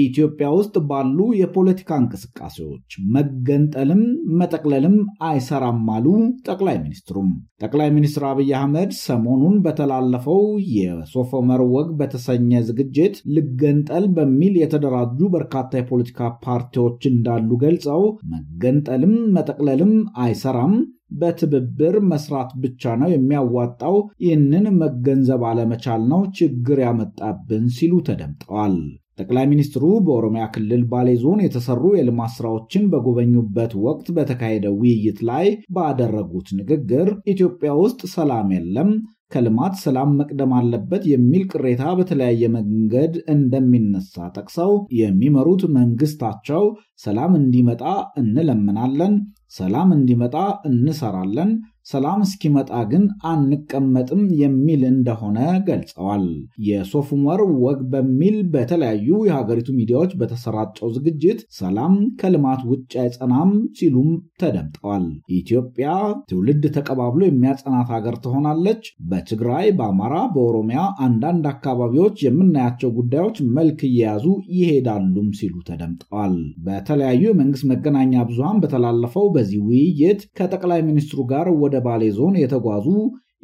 ኢትዮጵያ ውስጥ ባሉ የፖለቲካ እንቅስቃሴዎች መገንጠልም መጠቅለልም አይሰራም አሉ ጠቅላይ ሚኒስትሩም። ጠቅላይ ሚኒስትር አብይ አህመድ ሰሞኑን በተላለፈው የሶፎመር ወግ በተሰኘ ዝግጅት ልገንጠል በሚል የተደራጁ በርካታ የፖለቲካ ፓርቲዎች እንዳሉ ገልጸው መገንጠልም መጠቅለልም አይሰራም በትብብር መስራት ብቻ ነው የሚያዋጣው። ይህንን መገንዘብ አለመቻል ነው ችግር ያመጣብን ሲሉ ተደምጠዋል። ጠቅላይ ሚኒስትሩ በኦሮሚያ ክልል ባሌ ዞን የተሰሩ የልማት ስራዎችን በጎበኙበት ወቅት በተካሄደ ውይይት ላይ ባደረጉት ንግግር ኢትዮጵያ ውስጥ ሰላም የለም፣ ከልማት ሰላም መቅደም አለበት የሚል ቅሬታ በተለያየ መንገድ እንደሚነሳ ጠቅሰው የሚመሩት መንግስታቸው ሰላም እንዲመጣ እንለምናለን፣ ሰላም እንዲመጣ እንሰራለን፣ ሰላም እስኪመጣ ግን አንቀመጥም የሚል እንደሆነ ገልጸዋል። የሶፉም ወር ወግ በሚል በተለያዩ የሀገሪቱ ሚዲያዎች በተሰራጨው ዝግጅት ሰላም ከልማት ውጭ አይጸናም ሲሉም ተደምጠዋል። ኢትዮጵያ ትውልድ ተቀባብሎ የሚያጸናት ሀገር ትሆናለች በትግራይ፣ በአማራ፣ በኦሮሚያ አንዳንድ አካባቢዎች የምናያቸው ጉዳዮች መልክ እየያዙ ይሄዳሉም ሲሉ ተደምጠዋል። በተለያዩ የመንግስት መገናኛ ብዙሃን በተላለፈው በዚህ ውይይት ከጠቅላይ ሚኒስትሩ ጋር ወደ ባሌ ዞን የተጓዙ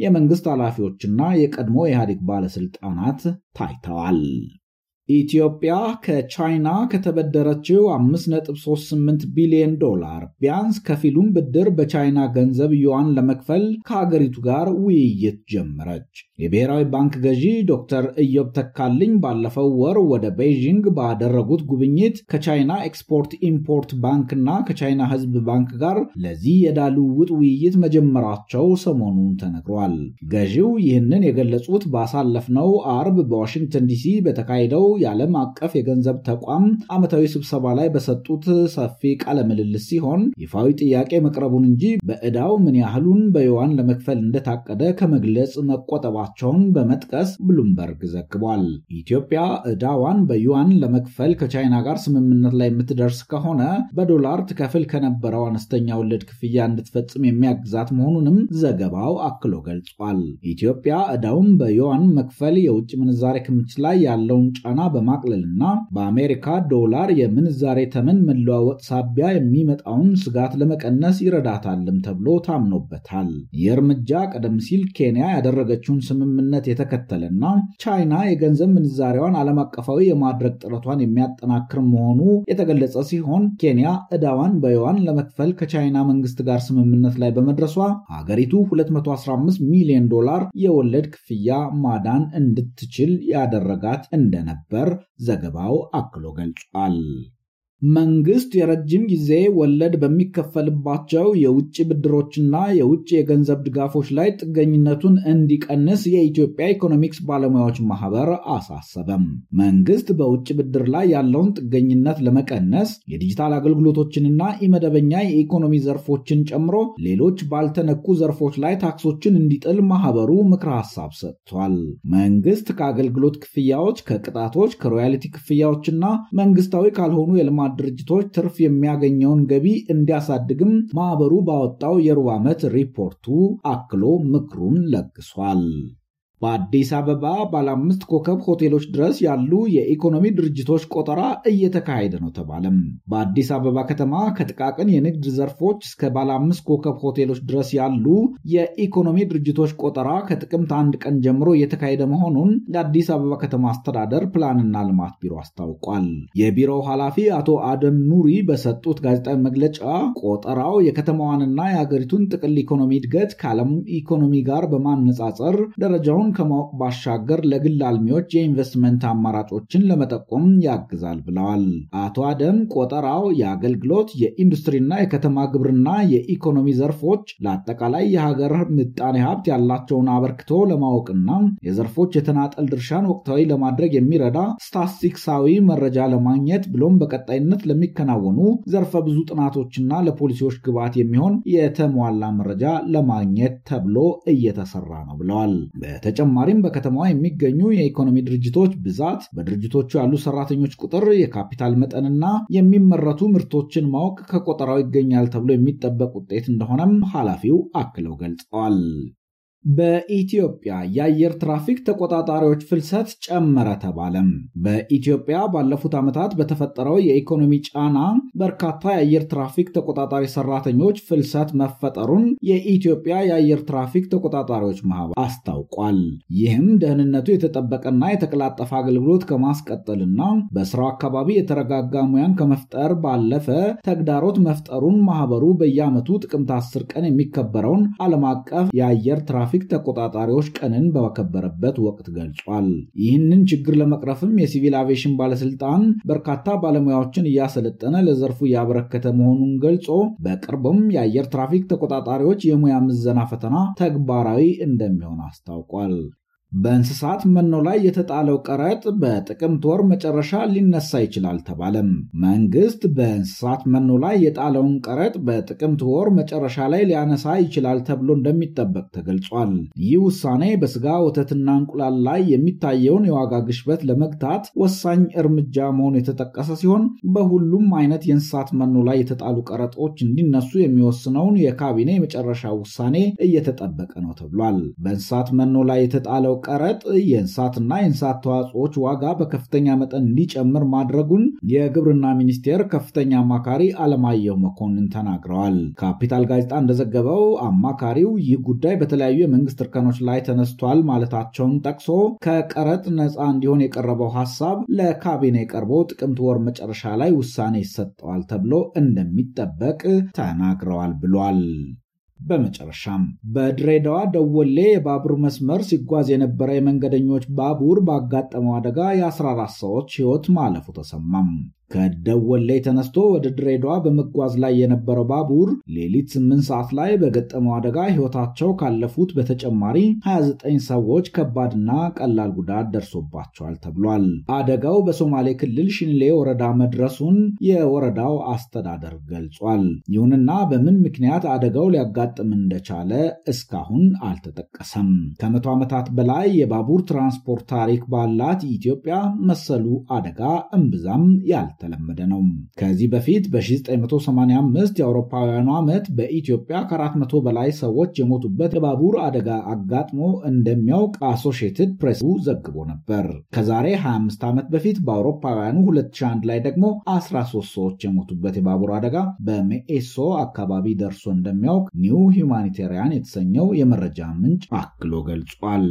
የመንግስት ኃላፊዎችና የቀድሞ የኢህአዴግ ባለስልጣናት ታይተዋል። ኢትዮጵያ ከቻይና ከተበደረችው 5.38 ቢሊዮን ዶላር ቢያንስ ከፊሉን ብድር በቻይና ገንዘብ ዩዋን ለመክፈል ከአገሪቱ ጋር ውይይት ጀመረች። የብሔራዊ ባንክ ገዢ ዶክተር እዮብ ተካልኝ ባለፈው ወር ወደ ቤይዥንግ ባደረጉት ጉብኝት ከቻይና ኤክስፖርት ኢምፖርት ባንክና ከቻይና ሕዝብ ባንክ ጋር ለዚህ የዕዳ ልውውጥ ውይይት መጀመራቸው ሰሞኑን ተነግሯል። ገዢው ይህንን የገለጹት ባሳለፍነው አርብ በዋሽንግተን ዲሲ በተካሄደው የዓለም አቀፍ የገንዘብ ተቋም ዓመታዊ ስብሰባ ላይ በሰጡት ሰፊ ቃለ ምልልስ ሲሆን ይፋዊ ጥያቄ መቅረቡን እንጂ በዕዳው ምን ያህሉን በዮዋን ለመክፈል እንደታቀደ ከመግለጽ መቆጠባቸውን በመጥቀስ ብሉምበርግ ዘግቧል። ኢትዮጵያ ዕዳዋን በዩዋን ለመክፈል ከቻይና ጋር ስምምነት ላይ የምትደርስ ከሆነ በዶላር ትከፍል ከነበረው አነስተኛ ወለድ ክፍያ እንድትፈጽም የሚያግዛት መሆኑንም ዘገባው አክሎ ገልጿል። ኢትዮጵያ ዕዳውን በዩዋን መክፈል የውጭ ምንዛሬ ክምችት ላይ ያለውን ጫና በማቅለልና በአሜሪካ ዶላር የምንዛሬ ተመን መለዋወጥ ሳቢያ የሚመጣውን ስጋት ለመቀነስ ይረዳታልም ተብሎ ታምኖበታል። ይህ እርምጃ ቀደም ሲል ኬንያ ያደረገችውን ስምምነት የተከተለና ቻይና የገንዘብ ምንዛሬዋን ዓለም አቀፋዊ የማድረግ ጥረቷን የሚያጠናክር መሆኑ የተገለጸ ሲሆን ኬንያ ዕዳዋን በይዋን ለመክፈል ከቻይና መንግስት ጋር ስምምነት ላይ በመድረሷ ሀገሪቱ 215 ሚሊዮን ዶላር የወለድ ክፍያ ማዳን እንድትችል ያደረጋት እንደነበር እንደነበር ዘገባው አክሎ ገልጿል። መንግስት የረጅም ጊዜ ወለድ በሚከፈልባቸው የውጭ ብድሮችና የውጭ የገንዘብ ድጋፎች ላይ ጥገኝነቱን እንዲቀንስ የኢትዮጵያ ኢኮኖሚክስ ባለሙያዎች ማህበር አሳሰበም። መንግስት በውጭ ብድር ላይ ያለውን ጥገኝነት ለመቀነስ የዲጂታል አገልግሎቶችንና ኢመደበኛ የኢኮኖሚ ዘርፎችን ጨምሮ ሌሎች ባልተነኩ ዘርፎች ላይ ታክሶችን እንዲጥል ማህበሩ ምክረ ሀሳብ ሰጥቷል። መንግስት ከአገልግሎት ክፍያዎች፣ ከቅጣቶች፣ ከሮያልቲ ክፍያዎችና መንግስታዊ ካልሆኑ የልማ ልማት ድርጅቶች ትርፍ የሚያገኘውን ገቢ እንዲያሳድግም ማህበሩ ባወጣው የሩብ ዓመት ሪፖርቱ አክሎ ምክሩን ለግሷል። በአዲስ አበባ ባለአምስት ኮከብ ሆቴሎች ድረስ ያሉ የኢኮኖሚ ድርጅቶች ቆጠራ እየተካሄደ ነው ተባለም። በአዲስ አበባ ከተማ ከጥቃቅን የንግድ ዘርፎች እስከ ባለአምስት ኮከብ ሆቴሎች ድረስ ያሉ የኢኮኖሚ ድርጅቶች ቆጠራ ከጥቅምት አንድ ቀን ጀምሮ እየተካሄደ መሆኑን የአዲስ አበባ ከተማ አስተዳደር ፕላንና ልማት ቢሮ አስታውቋል። የቢሮው ኃላፊ አቶ አደም ኑሪ በሰጡት ጋዜጣዊ መግለጫ ቆጠራው የከተማዋንና የአገሪቱን ጥቅል ኢኮኖሚ እድገት ከዓለም ኢኮኖሚ ጋር በማነጻጸር ደረጃውን ሁኔታውን ከማወቅ ባሻገር ለግል አልሚዎች የኢንቨስትመንት አማራጮችን ለመጠቆም ያግዛል ብለዋል። አቶ አደም ቆጠራው የአገልግሎት፣ የኢንዱስትሪና የከተማ ግብርና የኢኮኖሚ ዘርፎች ለአጠቃላይ የሀገር ምጣኔ ሀብት ያላቸውን አበርክቶ ለማወቅና የዘርፎች የተናጠል ድርሻን ወቅታዊ ለማድረግ የሚረዳ ስታስቲክሳዊ መረጃ ለማግኘት ብሎም በቀጣይነት ለሚከናወኑ ዘርፈ ብዙ ጥናቶችና ለፖሊሲዎች ግብዓት የሚሆን የተሟላ መረጃ ለማግኘት ተብሎ እየተሰራ ነው ብለዋል። በተጨማሪም በከተማዋ የሚገኙ የኢኮኖሚ ድርጅቶች ብዛት፣ በድርጅቶቹ ያሉ ሰራተኞች ቁጥር፣ የካፒታል መጠንና የሚመረቱ ምርቶችን ማወቅ ከቆጠራው ይገኛል ተብሎ የሚጠበቅ ውጤት እንደሆነም ኃላፊው አክለው ገልጸዋል። በኢትዮጵያ የአየር ትራፊክ ተቆጣጣሪዎች ፍልሰት ጨመረ ተባለም። በኢትዮጵያ ባለፉት ዓመታት በተፈጠረው የኢኮኖሚ ጫና በርካታ የአየር ትራፊክ ተቆጣጣሪ ሰራተኞች ፍልሰት መፈጠሩን የኢትዮጵያ የአየር ትራፊክ ተቆጣጣሪዎች ማህበር አስታውቋል። ይህም ደህንነቱ የተጠበቀና የተቀላጠፈ አገልግሎት ከማስቀጠልና በስራው አካባቢ የተረጋጋ ሙያን ከመፍጠር ባለፈ ተግዳሮት መፍጠሩን ማህበሩ በየዓመቱ ጥቅምት 10 ቀን የሚከበረውን ዓለም አቀፍ የአየር ትራፊክ የትራፊክ ተቆጣጣሪዎች ቀንን በከበረበት ወቅት ገልጿል። ይህንን ችግር ለመቅረፍም የሲቪል አቪዬሽን ባለስልጣን በርካታ ባለሙያዎችን እያሰለጠነ ለዘርፉ እያበረከተ መሆኑን ገልጾ በቅርብም የአየር ትራፊክ ተቆጣጣሪዎች የሙያ ምዘና ፈተና ተግባራዊ እንደሚሆን አስታውቋል። በእንስሳት መኖ ላይ የተጣለው ቀረጥ በጥቅምት ወር መጨረሻ ሊነሳ ይችላል ተባለም። መንግስት በእንስሳት መኖ ላይ የጣለውን ቀረጥ በጥቅምት ወር መጨረሻ ላይ ሊያነሳ ይችላል ተብሎ እንደሚጠበቅ ተገልጿል። ይህ ውሳኔ በስጋ ወተትና እንቁላል ላይ የሚታየውን የዋጋ ግሽበት ለመግታት ወሳኝ እርምጃ መሆኑ የተጠቀሰ ሲሆን በሁሉም አይነት የእንስሳት መኖ ላይ የተጣሉ ቀረጦች እንዲነሱ የሚወስነውን የካቢኔ መጨረሻ ውሳኔ እየተጠበቀ ነው ተብሏል። በእንስሳት መኖ ላይ የተጣለው ቀረጥ የእንስሳትና የእንስሳት ተዋጽኦች ዋጋ በከፍተኛ መጠን እንዲጨምር ማድረጉን የግብርና ሚኒስቴር ከፍተኛ አማካሪ አለማየሁ መኮንን ተናግረዋል። ካፒታል ጋዜጣ እንደዘገበው አማካሪው ይህ ጉዳይ በተለያዩ የመንግስት እርከኖች ላይ ተነስቷል ማለታቸውን ጠቅሶ ከቀረጥ ነፃ እንዲሆን የቀረበው ሀሳብ ለካቢኔ ቀርቦ ጥቅምት ወር መጨረሻ ላይ ውሳኔ ይሰጠዋል ተብሎ እንደሚጠበቅ ተናግረዋል ብሏል። በመጨረሻም በድሬዳዋ ደወሌ የባቡር መስመር ሲጓዝ የነበረ የመንገደኞች ባቡር ባጋጠመው አደጋ የ14 ሰዎች ሕይወት ማለፉ ተሰማም። ከደወሌ ተነስቶ ወደ ድሬዳዋ በመጓዝ ላይ የነበረው ባቡር ሌሊት 8 ሰዓት ላይ በገጠመው አደጋ ሕይወታቸው ካለፉት በተጨማሪ 29 ሰዎች ከባድና ቀላል ጉዳት ደርሶባቸዋል ተብሏል። አደጋው በሶማሌ ክልል ሽንሌ ወረዳ መድረሱን የወረዳው አስተዳደር ገልጿል። ይሁንና በምን ምክንያት አደጋው ሊያጋጥም እንደቻለ እስካሁን አልተጠቀሰም። ከመቶ ዓመታት በላይ የባቡር ትራንስፖርት ታሪክ ባላት ኢትዮጵያ መሰሉ አደጋ እምብዛም ያል የተለመደ ነው። ከዚህ በፊት በ1985 የአውሮፓውያኑ ዓመት በኢትዮጵያ ከ400 በላይ ሰዎች የሞቱበት የባቡር አደጋ አጋጥሞ እንደሚያውቅ አሶሽትድ ፕሬስ ዘግቦ ነበር። ከዛሬ 25 ዓመት በፊት በአውሮፓውያኑ 2001 ላይ ደግሞ 13 ሰዎች የሞቱበት የባቡር አደጋ በሜኤሶ አካባቢ ደርሶ እንደሚያውቅ ኒው ሂውማኒቴሪያን የተሰኘው የመረጃ ምንጭ አክሎ ገልጿል።